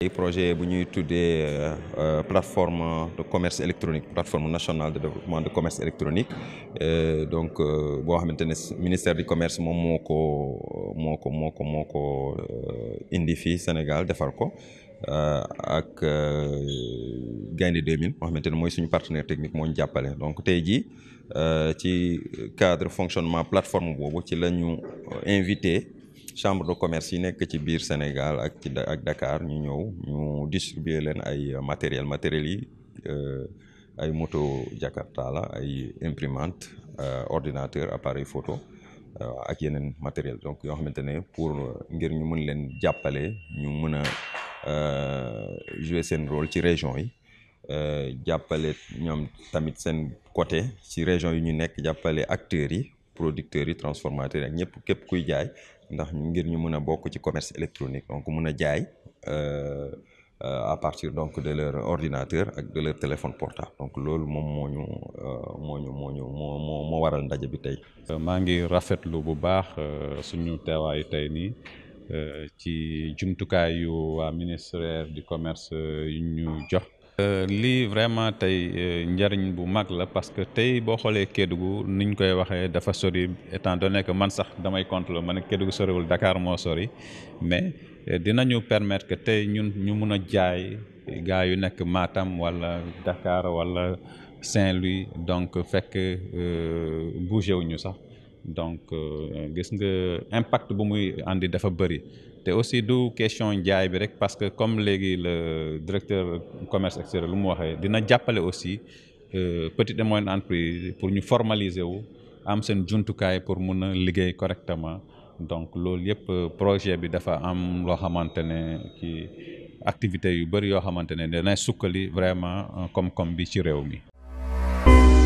Le projet est une euh, plateforme de commerce électronique plateforme nationale de développement de commerce électronique euh, donc euh, boo ministère du commerce est moo ko euh, Sénégal, ko Sénégal et ko ak 2000 Je suis un partenaire technique moo ñu jàppale donc tey euh, ci cadre fonctionnement plateforme qui ci la invité chambre de commerce yi nekk ci biir Sénégal ak ci ak Dakar ñu ñëw ñu distribuer len ay matériel matériel yi euh, ay moto Jakarta la ay imprimante euh, ordinateur appareil photo euh, ak yeneen matériel donc yo xamantene pour ngir ñu mën len jappalé ñu mëna a jouer sen rôle ci région yi jappalé ñom tamit sen côté ci région yi ñu nek jappalé acteurs yi producteurs et transformateurs yi ak ñëpp képp kuy jaay ndax ngir ñu mëna bokku ci commerce électronique donc mën a euh à partir donc de leur ordinateur ak de leur téléphone portable donc loolu mom moñu ñu euh, moñu ñu mo ñu waral ndaje bi tay ma ngi rafetlu bu baax euh, suñu teewaayu tey nii euh, ci jumtukaay yu wa ministère du commerce yu ñu jox. Euh, li vraiment tay euh, njariñ bu mag parce que tay bo xolé niñ koy dafa sori étant donné que man sax damay soriwul Dakar mo sori mais euh, dinañu permettre que tay ñun ñu mëna jaay Dakar wala Saint-Louis donc bougé wuñu sax donc euh, gis nga impact bu muy andi dafa bëri te aussi du question njaay bi rek parce que comme léegi le directeur commerce extérieur lu mu waxe dina jappalé aussi euh, petite et moyenne entreprise pour ñu formaliser wu am seen jumtukaay pour mëna a correctement donc loolu yëpp euh, projet bi dafa am lo xamantene ki activité yu bëri yo xamantene ne dana sukkali vraiment comme comme bi ci réew mi